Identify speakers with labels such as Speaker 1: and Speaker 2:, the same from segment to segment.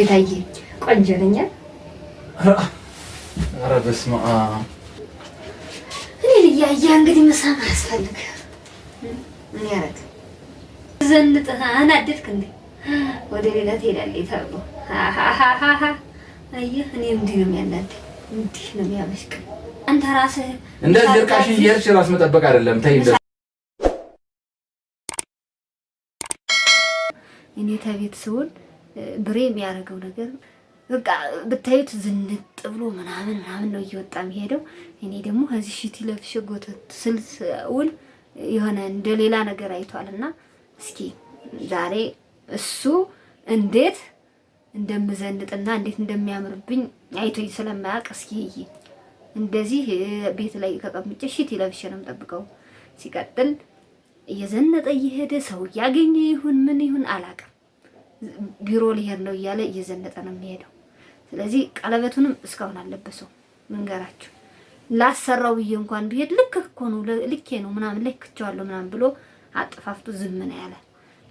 Speaker 1: ቤታዬ ቆንጆ ነኝ።
Speaker 2: ኧረ በስመ አብ
Speaker 1: እኔ ልያየህ እንግዲህ መሳም አያስፈልግም። ምን ያደርግ ዘንጥህ አናደድክ እንዴ? ወደ ሌላ ትሄዳለህ ተብሎ አየህ። እኔ እንዲህ ነው የሚያናደኝ፣ እንዲህ ነው የሚያበሽቅ። አንተ ራስህ
Speaker 2: እንደዚህ እርቃሽ እየሄድሽ ራስ መጠበቅ አይደለም። ተይ
Speaker 1: እኔ ተቤት ስውል ብሬ የሚያደርገው ነገር በቃ ብታዩት ዝንጥ ብሎ ምናምን ምናምን ነው እየወጣ የሚሄደው። እኔ ደግሞ ከዚህ ሽቲ ለብሼ ጎተት ስልስ ውል የሆነ እንደ ሌላ ነገር አይቷል እና እስኪ ዛሬ እሱ እንዴት እንደምዘንጥና እንዴት እንደሚያምርብኝ አይቶኝ ስለማያውቅ እስኪ እንደዚህ ቤት ላይ ተቀምጬ ሽቲ ለብሼ ነው የምጠብቀው። ሲቀጥል እየዘነጠ እየሄደ ሰው እያገኘ ይሁን ምን ይሁን አላውቅም። ቢሮ ሊሄድ ነው እያለ እየዘነጠ ነው የሚሄደው። ስለዚህ ቀለበቱንም እስካሁን አለበሰው መንገራችሁ ላሰራው ብዬ እንኳን ቢሄድ ልክ እኮ ነው ልኬ ነው ምናምን ልክቸዋለሁ ምናምን ብሎ አጠፋፍቶ ዝም ነው ያለ።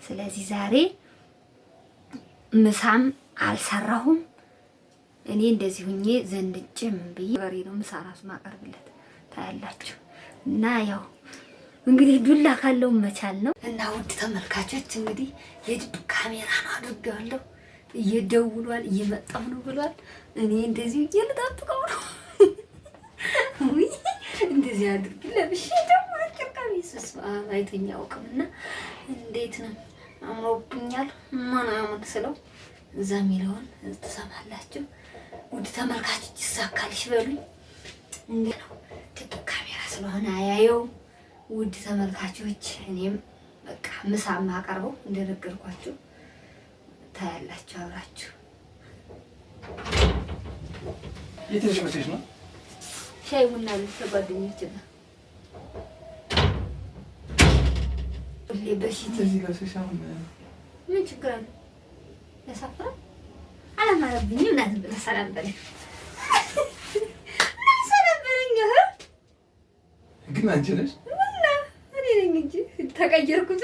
Speaker 1: ስለዚህ ዛሬ ምሳም አልሰራሁም እኔ እንደዚህ ሁኜ ዘንድጭም ብዬ በሬ ነው ምሳ ራሱ ማቀርብለት ታያላችሁ እና ያው እንግዲህ ዱላ ካለው መቻል ነው። እና ውድ ተመልካቾች እንግዲህ የድብ ካሜራ ነው አድርጌዋለሁ። እየደውሏል እየመጣሁ ነው ብሏል። እኔ እንደዚህ እየልጣጥቀው ነው እንደዚህ አድርግ ለብሽ ደግሞ አጭር ቀሚስ አይቶኝ አያውቅም። እና እንዴት ነው አምሮብኛል ምናምን ስለው እዛ የሚለውን ትሰማላችሁ። ውድ ተመልካቾች ይሳካልሽ በሉኝ። እንዲ ነው ድብ ካሜራ ስለሆነ አያየውም ውድ ተመልካቾች እኔም በቃ ምሳ ማቀርበው እንደነገርኳችሁ ታያላችሁ። አብራችሁ
Speaker 2: የትንሽ መቼሽ ነው
Speaker 1: ሻይ ቡና ልስ ጓደኞች ጋር በሽት ምን ችግር አለ? ያሳፍራል። አላማረብኝም። እናትን ብለህ ሰላም በለኝ። ሰላም በለኝ ግን አንቺ ነሽ እንጂ ተቀየርኩት።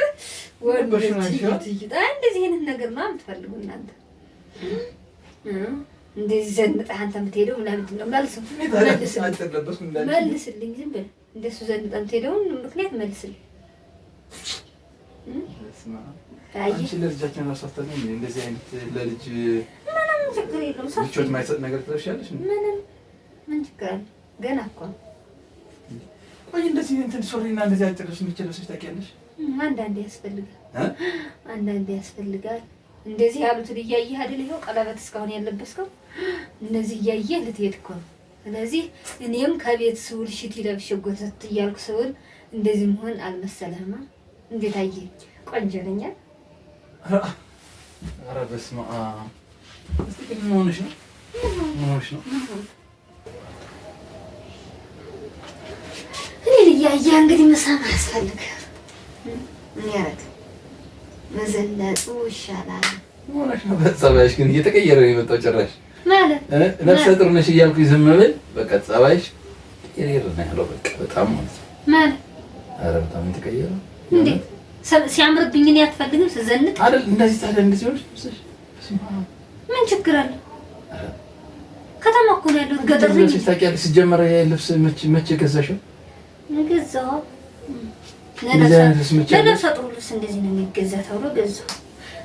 Speaker 1: እንደዚህ አይነት ነገር ማ የምትፈልጉ እናንተ እንደዚህ ዘንጠህ አንተ የምትሄደው ለምንድን ነው? መልስልኝ። ዝም ብለህ እንደሱ ዘንጠህ የምትሄደውን ምክንያት መልስልኝ።
Speaker 2: አንቺ ለልጃችን ራሳታለ እንደዚህ አይነት ለልጅ
Speaker 1: ምንም ችግር
Speaker 2: የለውም።
Speaker 1: ምንም ምን ችግር አለ? ገና እኮ ነው
Speaker 2: ወይ እንደዚህ እንትን ሱሪና እንደዚህ አጭር ልብስ የሚለብሰሽ ታውቂያለሽ?
Speaker 1: አንዳንዴ ያስፈልጋል፣ አንዳንዴ ያስፈልጋል። እንደዚህ ያሉትን እያየህ አይደል? ይኸው ቀለበት እስካሁን ያለበስከው እነዚህ እያየህ ልትሄድ እኮ ነው። ስለዚህ እኔም ከቤት ስውል ሽት ይለብሽ ጎተት እያልኩ ስውል እንደዚህ መሆን አልመሰለህማ? እንዴት አየህ? ቆንጆ ነኝ።
Speaker 2: ኧረ በስመ አብ! እስኪ ምን ሆነሽ ነው? ምን ሆነሽ ነው?
Speaker 1: ቀያ እንግዲህ መሳም አያስፈልግ ምን ያረግ መዘለጡ ይሻላል።
Speaker 2: ጸባይሽ ግን እየተቀየረ ነው የመጣው። ጭራሽ ማለት ነፍሰ ጡር ነሽ እያልኩኝ ዝም ብል በቃ ጸባይሽ ቀየረ ነው ያለው። በቃ በጣም ማለት ማለት ኧረ በጣም የተቀየረ
Speaker 1: እንዴ ሲያምርብኝ እኔ አትፈልግም ስዘንጥ
Speaker 2: አይደል? እንደዚህ ታዲያ እንደዚህ ሆነሽ
Speaker 1: ምን ችግር አለ? ከተማ እኮ ነው ያለሁት ገጠር
Speaker 2: ነኝ። ታውቂያለሽ፣ ሲጀመር ልብስ መቼ መቼ ገዛሽው?
Speaker 1: ነገዛው ለነፍሰ ጡር ልብስ እንደዚህ ነው የሚገዛ ተብሎ ገዛው።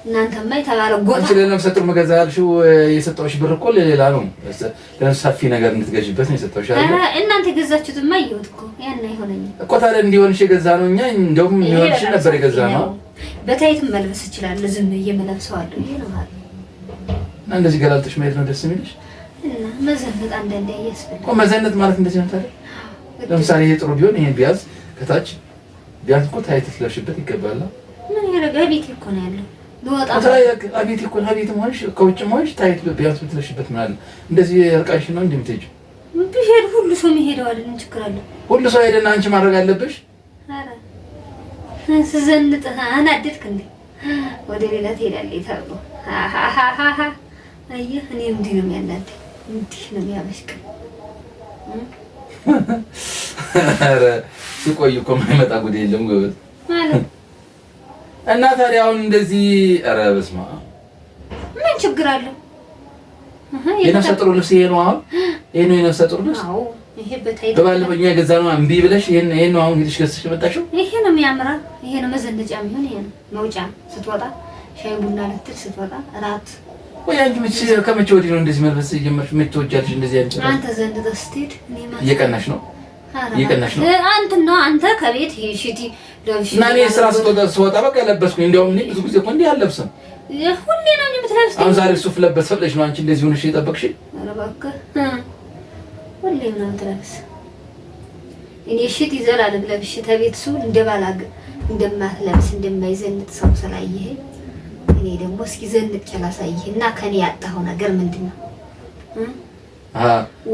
Speaker 1: እናንተማ የተባለ ጎታ
Speaker 2: አንቺ ለነፍሰ ጡር መገዛ ያልሽው ሰፊ ነገር እንድትገዥበት ነው የሰጠሁሽ
Speaker 1: አይደል? እናንተ የገዛችሁትማ እየወት እኮ ያን አይሆነኝም
Speaker 2: እኮ። ታዲያ እንዲሆንሽ የገዛ ነው እኛ እንደውም የሚሆንሽ ነበር የገዛ ነው።
Speaker 1: በታይትም መልበስ ይችላል። ዝም ብዬ የምለብሰዋለሁ። ይሄ ነው ማለት
Speaker 2: እንደዚህ ገላልጥሽ ማየት ነው ደስ የሚልሽ።
Speaker 1: እና መዘነጥ አንዳንዴ ያስፈልጋል
Speaker 2: እኮ መዘነጥ ማለት እንደዚህ ነው ታዲያ ለምሳሌ ይሄ ጥሩ ቢሆን ይሄን ቢያዝ ከታች ቢያንስ እኮ ታይት ስለሽበት ይገባል።
Speaker 1: ምን ያረጋ? ቤት እኮ ያለው
Speaker 2: በወጣ አቤት እኮ አቤት ሆንሽ ከውጭ ሆንሽ ታይት ቢያንስ ብትለሽበት ምን አለ? እንደዚህ እርቃሽ ነው እንደምትሄጂው።
Speaker 1: ብሄድ ሁሉ ሰው የሚሄደው አይደለም። ችግር አለ
Speaker 2: ሁሉ ሰው ሄደና አንቺ ማድረግ አለብሽ።
Speaker 1: ኧረ ስዘንጥ አናደድክ እንዴ? ወደ ሌላ ትሄዳለህ ይታሉ። አሃሃሃ አየህ፣ እኔ እንዲህ ነው የሚያናደኝ፣ እንዲህ ነው የሚያበሽቀኝ።
Speaker 2: ሲቆይ እኮ የማይመጣ ጉድ የለም ጎበዝ። እና ታዲያ አሁን እንደዚህ ኧረ በስመ አብ
Speaker 1: ምን ችግር አለው?
Speaker 2: የነፍሰ ጥሩ ልብስ ይሄ ነው። አሁን ይሄ ነው የነፍሰ ጥሩ ልብስ። በባለፈው እኛ የገዛ እምቢ ብለሽ ይሄን ይሄን ነው አሁን ሄደሽ ገዝተሽ የመጣሽው።
Speaker 1: ይሄ ነው የሚያምራ። ይሄ ነው መዘነጫ የሚሆን ይሄ ነው መውጫ ስትወጣ ሻይ ቡና ልትል ስትወጣ እራት
Speaker 2: ወይ አንቺ መቼ ከመቼ ወዲህ ነው እንደዚህ መልበስ የጀመርሽ? መቼ ተወጃለሽ? እንደዚህ
Speaker 1: አንተ ዘንድ ስትሄድ
Speaker 2: እየቀናሽ ነው እየቀናሽ ነው።
Speaker 1: አንተ ነው አንተ ከቤት ሄሽቲ
Speaker 2: ለብሽ እና እኔ ስራ ስወጣ ስወጣ በቃ ለበስኩኝ። እንዲያውም እኔ ብዙ ጊዜ እኮ እንዲህ አልለብስም።
Speaker 1: ሁሌ ነው የምትለብሰው።
Speaker 2: አሁን ዛሬ ሱፍ ለበስ ፈለሽ ነው አንቺ እንደዚህ ሆነሽ የጠበቅሽኝ?
Speaker 1: ኧረ እባክህ ሁሌ ነው የምትለብስ። እኔ ሽቲ ዘላለም ለብሽ ተቤት ሱ እንደባላግ እንደማትለብስ እንደማይዘንጥ ሰው ስላየኸኝ እኔ ደግሞ እስኪ ዘልቄ ላሳይህ እና ከኔ ያጣኸው ነገር ምንድን ነው?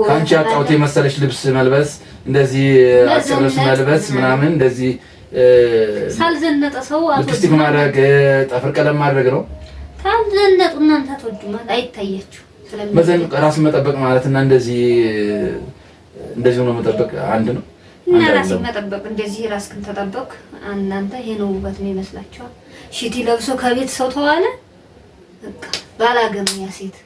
Speaker 2: ከአንቺ ያጣሁት የመሰለሽ ልብስ መልበስ፣ እንደዚህ አጭር ልብስ መልበስ ምናምን እንደዚህ
Speaker 1: ሳልዘነጠ ሰው
Speaker 2: ልፕስቲክ ማድረግ፣ ጠፍር ቀለም ማድረግ ነው።
Speaker 1: ታዘነጡ እናንተ አትወዱም፣ አይታያችሁ
Speaker 2: መዘን ራስን መጠበቅ ማለት እና እንደዚህ እንደዚህ ሆኖ መጠበቅ አንድ ነው።
Speaker 1: እና ራስን መጠበቅ እንደዚህ ራስህን ተጠበቅ። እናንተ ይሄ ነው ውበት ነው ይመስላችኋል? ሽቲ ለብሶ ከቤት ሰው ተዋለ በቃ ሴት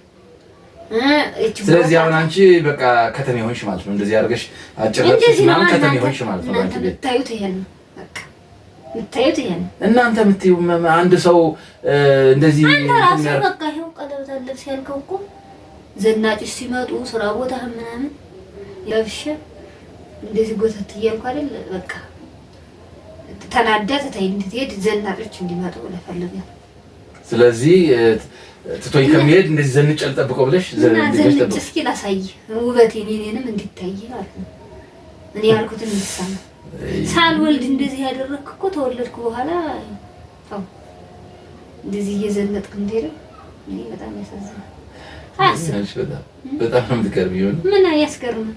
Speaker 2: ስለዚህ አሁን አንቺ በቃ ከተሜ ሆንሽ ማለት ነው። እንደዚህ አድርገሽ አጭር ምናምን ከተሜ ሆንሽ ማለት
Speaker 1: ነው። አንቺ ይሄን ነው ይሄን ነው።
Speaker 2: እናንተ አንድ ሰው
Speaker 1: እንደዚህ አንተ ራስህ በቃ ይሄው ቀለበት ያልከው እኮ ዘናጭ ሲመጡ ስራ ቦታ ምናምን ለብሼ እንደዚህ ጎተት እያልኩ አይደል በቃ ተናዳ ትታይ እንድትሄድ ዘናጮች እንዲመጡ ለፈለገ።
Speaker 2: ስለዚህ ትቶኝ ከሚሄድ እንደዚህ ዘንጭ አልጠብቀው ብለሽ
Speaker 1: ዘንጭ እስኪ ላሳይ ውበቴን የኔንም እንዲታይ ማለት ነው። እኔ ያልኩት እንዲሰማ ሳልወልድ እንደዚህ ያደረግክ እኮ ተወለድኩ በኋላ ው እንደዚህ እየዘነጥክ እንድሄደ በጣም ያሳዝናል።
Speaker 2: በጣም ነው የምትገርም
Speaker 1: ምን ያስገርማል።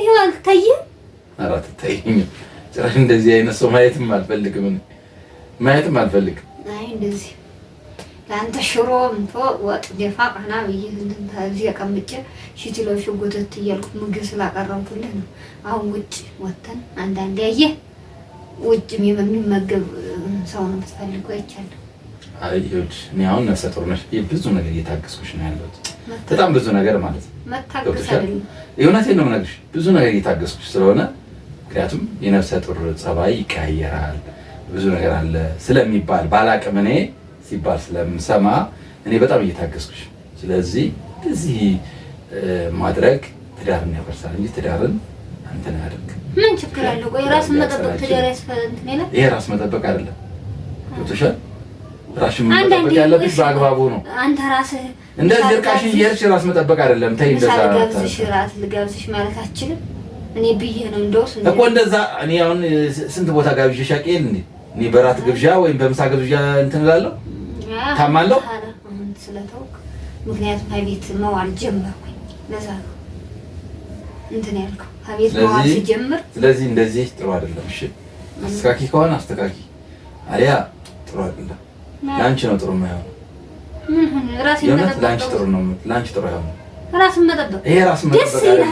Speaker 1: ይሄው አልታየህም?
Speaker 2: ኧረ አትታየኝም። ጭራሽ እንደዚህ አይነት ሰው ማየትም አልፈልግም፣ ማየትም አልፈልግም።
Speaker 1: አይ እንደዚህ ለአንተ ሽሮ ምቶ ወጥ ደፋ ቀና ብዬ እዚህ አቀምጬ ሺህ ኪሎ ጎተት እያልኩ ምግብ ስላቀረብኩልህ ነው። አሁን ውጭ ወተን አንዳንዴ አየህ፣ ውጭ የሚመገብ ሰው ነው የምትፈልገው። አይቻልም።
Speaker 2: አይ ይኸውልሽ፣ እኔ አሁን ነፍሰ ጡር ነሽ፣ ብዙ ነገር እየታገስኩሽ ነው ያለሁት በጣም ብዙ ነገር ማለት ነው። የእውነቴን ነው የምነግርሽ፣ ብዙ ነገር እየታገስኩሽ ስለሆነ ምክንያቱም የነፍሰ ጡር ጸባይ ይቀያየራል፣ ብዙ ነገር አለ ስለሚባል ባላቅም እኔ ሲባል ስለምሰማ እኔ በጣም እየታገስኩሽ። ስለዚህ እዚህ ማድረግ ትዳርን ያፈርሳል እንጂ ትዳርን አንተን ያደርግ
Speaker 1: ምን ችግር አለው? የራስ መጠበቅ ትዳር
Speaker 2: ይሄ ራስ መጠበቅ አይደለም። ገብቶሻል ራስሽን መጠበቅ ያለብሽ በአግባቡ ነው።
Speaker 1: አንተ ራስህ
Speaker 2: እንደዚህ እርቃሽን እየሄድሽ ራስ መጠበቅ አይደለም። ተይ እንደዛ
Speaker 1: ልገብዝሽ ራስ ልገብዝሽ ማለት አችልም። እኔ ብዬ ነው እንደውስ
Speaker 2: እኮ እንደዛ እኔ አሁን ስንት ቦታ ጋብዤ አቅል እንዴ? እኔ በራት ግብዣ ወይም በምሳ ግብዣ እንትን እላለሁ ታማለሁ።
Speaker 1: ስለተውክ ምክንያቱም ከቤት መዋል ጀመርኩኝ። ለዛ ነው እንትን ያልከው ከቤት መዋል ሲጀምር።
Speaker 2: ስለዚህ እንደዚህ ጥሩ አይደለም። እሺ አስተካኪ ከሆነ አስተካኪ፣ አሊያ ጥሩ አይደለም። ለአንቺ ነው ጥሩ የማይሆነው። ጥሩ ነው፣ መጠበቅ ይሄ
Speaker 1: ደስ ይላል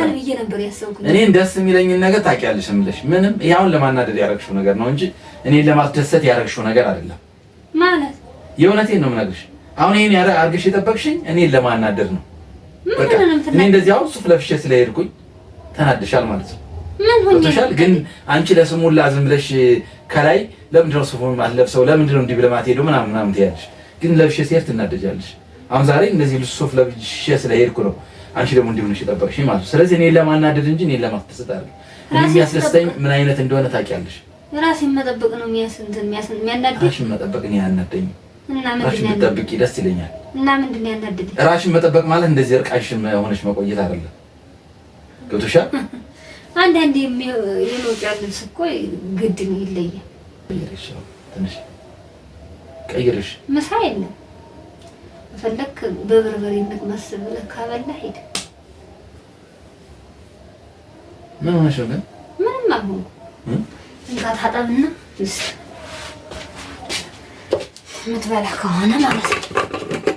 Speaker 1: ብዬ
Speaker 2: እኔን ደስ የሚለኝን ነገር ታውቂያለሽ የምልሽ ምንም ይሄ አሁን ለማናደድ ያደረግሽው ነገር ነው እንጂ እኔን ለማስደሰት ያደረግሽው ነገር አይደለም። ማለት የእውነቴን ነው የምነግርሽ። አሁን ይሄን አድርግሽ የጠበቅሽኝ እኔን ለማናደድ ነው። እኔ እንደዚህ አሁን ሱፍ ለብሼ ስለሄድኩኝ ተናድሻል ማለት ነው። ምን ሆኜ ግን አንቺ ለስሙላ ዝም ብለሽ ከላይ ለምንድነው ሱፉን አለብሰው ለምንድነው እንዲህ ብለህ ሄዶ ምናምን ምናምን ትያለሽ። ግን ለብሼ ስሄድ ትናደጃለሽ። አሁን ዛሬ እነዚህ ልብስ ሱፍ ለብሼ ስለሄድኩ ነው አንቺ ደግሞ እንዲህ ሆነሽ የጠበቅሽኝ ማለት ነው። ስለዚህ እኔ ለማናደድ እንጂ እኔ ለማትሰጥ አይደለም። የሚያስደስተኝ ምን አይነት እንደሆነ ታውቂያለሽ።
Speaker 1: ራሴን መጠበቅ ነው የሚያናደድ።
Speaker 2: ራሽን መጠበቅ እኔ አያናደኝም። ራሽን ብትጠብቂ ደስ ይለኛል።
Speaker 1: እና ምንድን ነው ያናደደኝ?
Speaker 2: ራሽን መጠበቅ ማለት እንደዚህ እርቃሽን ሆነሽ መቆየት አይደለም። ገብቶሻል?
Speaker 1: አንዳንድ የመውጫ ልብስ እኮ ግድ ነው፣ ይለያል። ቀይርሽ ምሳ የለም ፈለክ በበርበሬ የምትመስል ብለህ ካበላ ሄደ። ምን ሆነሽ ነው? ምንም አልሆንኩም። እንካ ታጠብና የምትበላ ከሆነ ማለት ነው።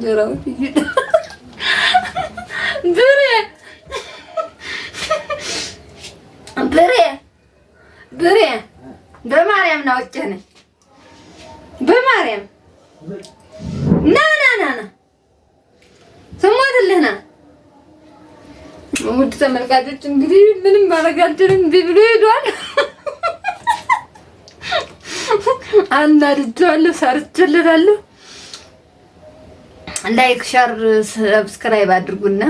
Speaker 1: እንጀራው ብሬ ብሬ ብሬ በማርያም ና ውጭ ነኝ። በማርያም ና ና ና ና ስሞትልህ ና። ውድ ተመልካቾች እንግዲህ ምንም ማድረግ አልችልም። እምቢ ብሎ ሄዷል። አናድጄዋለሁ፣ ሰርቼለታለሁ። ላይክ ሸር ሰብስክራይብ አድርጉና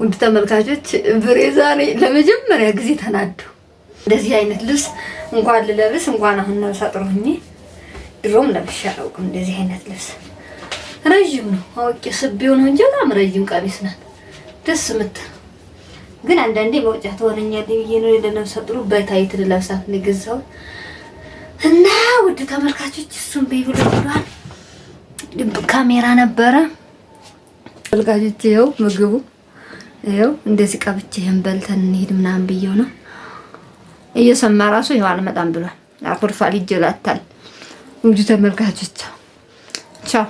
Speaker 1: ውድ ተመልካቾች ብሬዛ ነኝ። ለመጀመሪያ ጊዜ ተናዱ። እንደዚህ አይነት ልብስ እንኳን ልለብስ እንኳን አሁን ነው ሳጥሮኝ፣ ድሮም ለብሼ አላውቅም። እንደዚህ አይነት ልብስ ረዥም ነው አውቄ ስቤው ነው እንጂ በጣም ረዥም ቀሚስ ናት። ደስ ምት ግን አንዳንዴ መውጫ ትሆነኛለች ብዬ ነው ለነብሰ ጥሩ በታይት ልለብሳት ንግዛው እና ውድ ተመልካቾች እሱም በይብሎ ብሏል። ካሜራ ነበረ። አልቃጆች ይኸው ምግቡ ይኸው እንደዚህ ቀብቼ ይሄን በልተን እንሄድ ምናምን ብየው ነው እየሰማ ራሱ ይኸው አልመጣም ብሏል። አኩርፋል፣ ይጀላታል እንጂ ተመልካቾች ቻው